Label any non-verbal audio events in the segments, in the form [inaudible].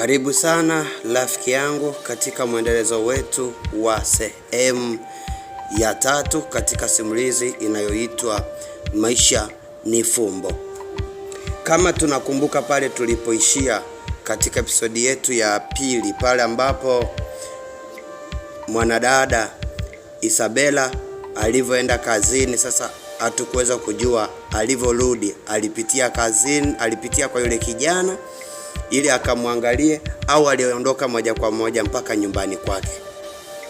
Karibu sana rafiki yangu katika mwendelezo wetu wa sehemu ya tatu katika simulizi inayoitwa Maisha ni Fumbo. Kama tunakumbuka pale tulipoishia katika episodi yetu ya pili, pale ambapo mwanadada Isabela alivyoenda kazini, sasa hatukuweza kujua alivyorudi, alipitia kazini, alipitia kwa yule kijana ili akamwangalie au aliondoka moja kwa moja mpaka nyumbani kwake.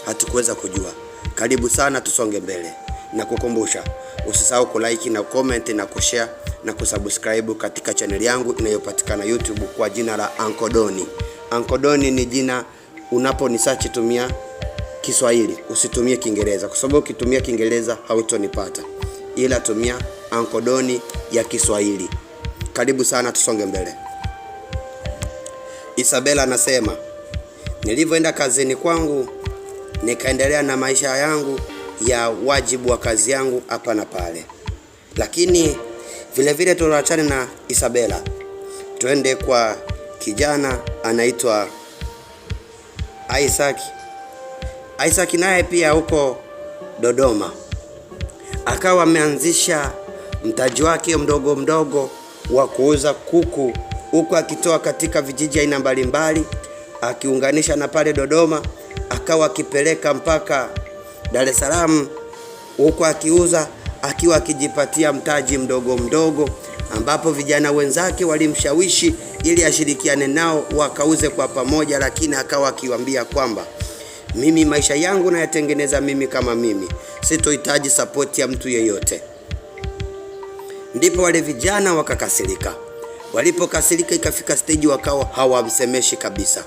Hatukuweza kujua. Karibu sana, tusonge mbele na kukumbusha, usisahau kulike na comment na kushare na kusubscribe katika chaneli yangu inayopatikana YouTube kwa jina la Uncle Doni. Uncle Doni ni jina unaponisearch, tumia Kiswahili, usitumie Kiingereza kwa sababu ukitumia Kiingereza hautonipata, ila tumia Uncle Doni ya Kiswahili. Karibu sana, tusonge mbele. Isabela anasema nilivyoenda kazini kwangu nikaendelea na maisha yangu ya wajibu wa kazi yangu hapa na pale, lakini vile vile tuliachana na Isabela, twende kwa kijana anaitwa Isaac. Isaac naye pia huko Dodoma akawa ameanzisha mtaji wake mdogo mdogo wa kuuza kuku huku akitoa katika vijiji aina mbalimbali, akiunganisha na pale Dodoma, akawa akipeleka mpaka Dar es Salaam, huku akiuza akiwa akijipatia mtaji mdogo mdogo, ambapo vijana wenzake walimshawishi ili ashirikiane nao wakauze kwa pamoja, lakini akawa akiwaambia kwamba mimi maisha yangu nayatengeneza mimi kama mimi, sitohitaji sapoti ya mtu yeyote. Ndipo wale vijana wakakasirika. Walipokasirika ikafika steji wakawa hawamsemeshi kabisa.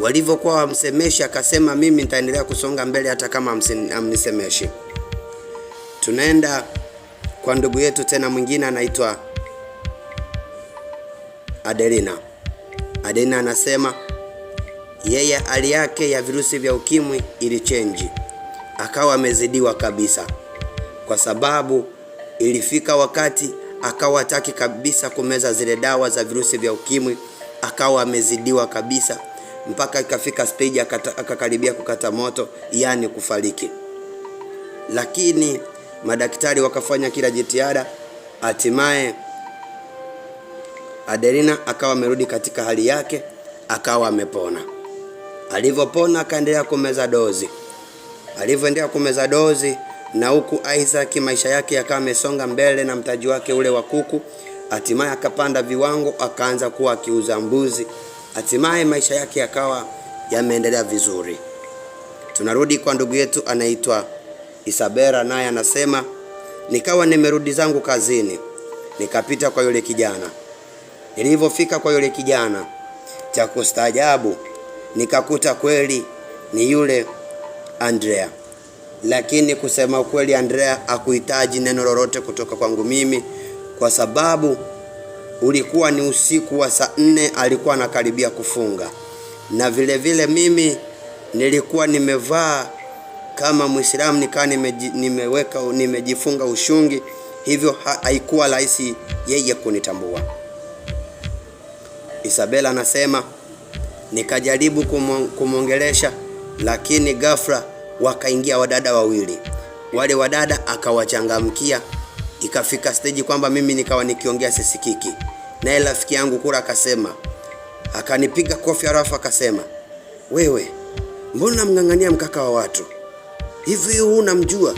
Walivyokuwa wamsemeshi, akasema mimi nitaendelea kusonga mbele hata kama amnisemeshi. Tunaenda kwa ndugu yetu tena mwingine anaitwa Adelina. Adelina anasema yeye hali yake ya virusi vya ukimwi ilichenji, akawa amezidiwa kabisa, kwa sababu ilifika wakati akawa hataki kabisa kumeza zile dawa za virusi vya ukimwi, akawa amezidiwa kabisa mpaka ikafika stage akakaribia kukata moto, yani kufariki. Lakini madaktari wakafanya kila jitihada, hatimaye Adelina akawa amerudi katika hali yake, akawa amepona. Alivyopona akaendelea kumeza dozi, alivyoendelea kumeza dozi na huku Isaac maisha yake yakawa amesonga mbele na mtaji wake ule wa kuku, hatimaye akapanda viwango, akaanza kuwa akiuza mbuzi, hatimaye maisha yake yakawa yameendelea vizuri. Tunarudi kwa ndugu yetu anaitwa Isabera, naye anasema nikawa nimerudi zangu kazini, nikapita kwa yule kijana. Nilivyofika kwa yule kijana, cha kustaajabu nikakuta kweli ni yule Andrea lakini kusema kweli, Andrea hakuhitaji neno lolote kutoka kwangu mimi, kwa sababu ulikuwa ni usiku wa saa nne, alikuwa anakaribia kufunga, na vilevile vile mimi nilikuwa nimevaa kama Muislamu, nikaa nimeweka nimejifunga ushungi, hivyo haikuwa rahisi yeye kunitambua. Isabela anasema nikajaribu kumwongelesha, lakini ghafla wakaingia wadada wawili, wale wadada akawachangamkia, ikafika steji kwamba mimi nikawa nikiongea sisikiki, naye rafiki yangu kura akasema, akanipiga kofi halafu akasema, wewe mbona mng'ang'ania mkaka wa watu hivi? Unamjua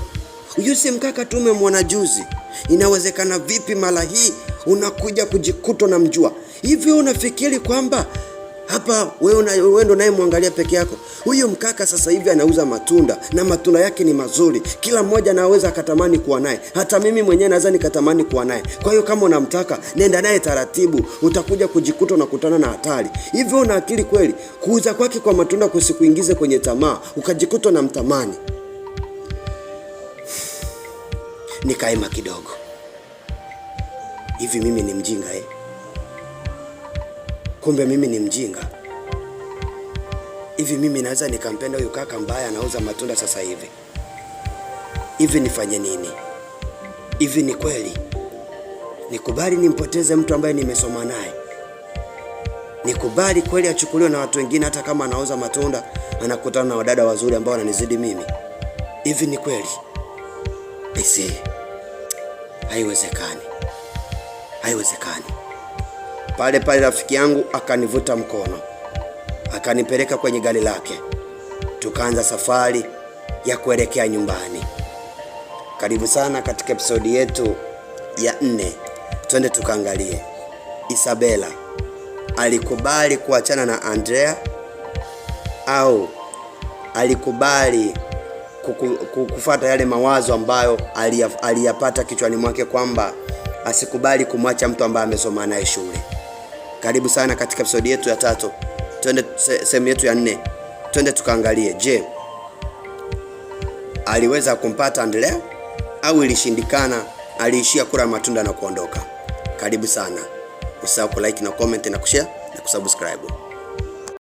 huyu si mkaka, umemwona juzi. Inawezekana vipi mara hii unakuja kujikuta na mjua hivi? Unafikiri kwamba hapa wewe ndo naye mwangalia peke yako. Huyu mkaka sasa hivi anauza matunda na matunda yake ni mazuri, kila mmoja anaweza akatamani kuwa naye. Hata mimi mwenyewe naweza nikatamani kuwa naye. Kwa hiyo kama unamtaka nenda naye taratibu, utakuja kujikuta unakutana na hatari. Hivyo una akili kweli? Kuuza kwake kwa matunda kusikuingize kwenye tamaa, ukajikuta unamtamani. [sighs] Nikaema kidogo hivi, mimi ni mjinga eh? kumbe mimi ni mjinga hivi? Mimi naweza nikampenda huyu kaka mbaya anauza matunda sasa hivi? Hivi nifanye nini? Hivi ni kweli nikubali nimpoteze mtu ambaye nimesoma naye? Nikubali kweli achukuliwe na watu wengine, hata kama anauza matunda anakutana na wadada wazuri ambao wananizidi mimi? Hivi ni kweli? Aisee, haiwezekani, haiwezekani. Pale pale rafiki yangu akanivuta mkono, akanipeleka kwenye gari lake, tukaanza safari ya kuelekea nyumbani. Karibu sana katika episodi yetu ya nne, twende tukaangalie Isabela alikubali kuachana na Andrea au alikubali kufuata yale mawazo ambayo aliyapata kichwani mwake kwamba asikubali kumwacha mtu ambaye amesoma naye shule. Karibu sana katika episodi yetu ya tatu, twende sehemu yetu ya nne, twende tukaangalie, je, aliweza kumpata Andrea au ilishindikana? Aliishia kula matunda na kuondoka. Karibu sana, usahau kulike na comment na kushare na kusubscribe.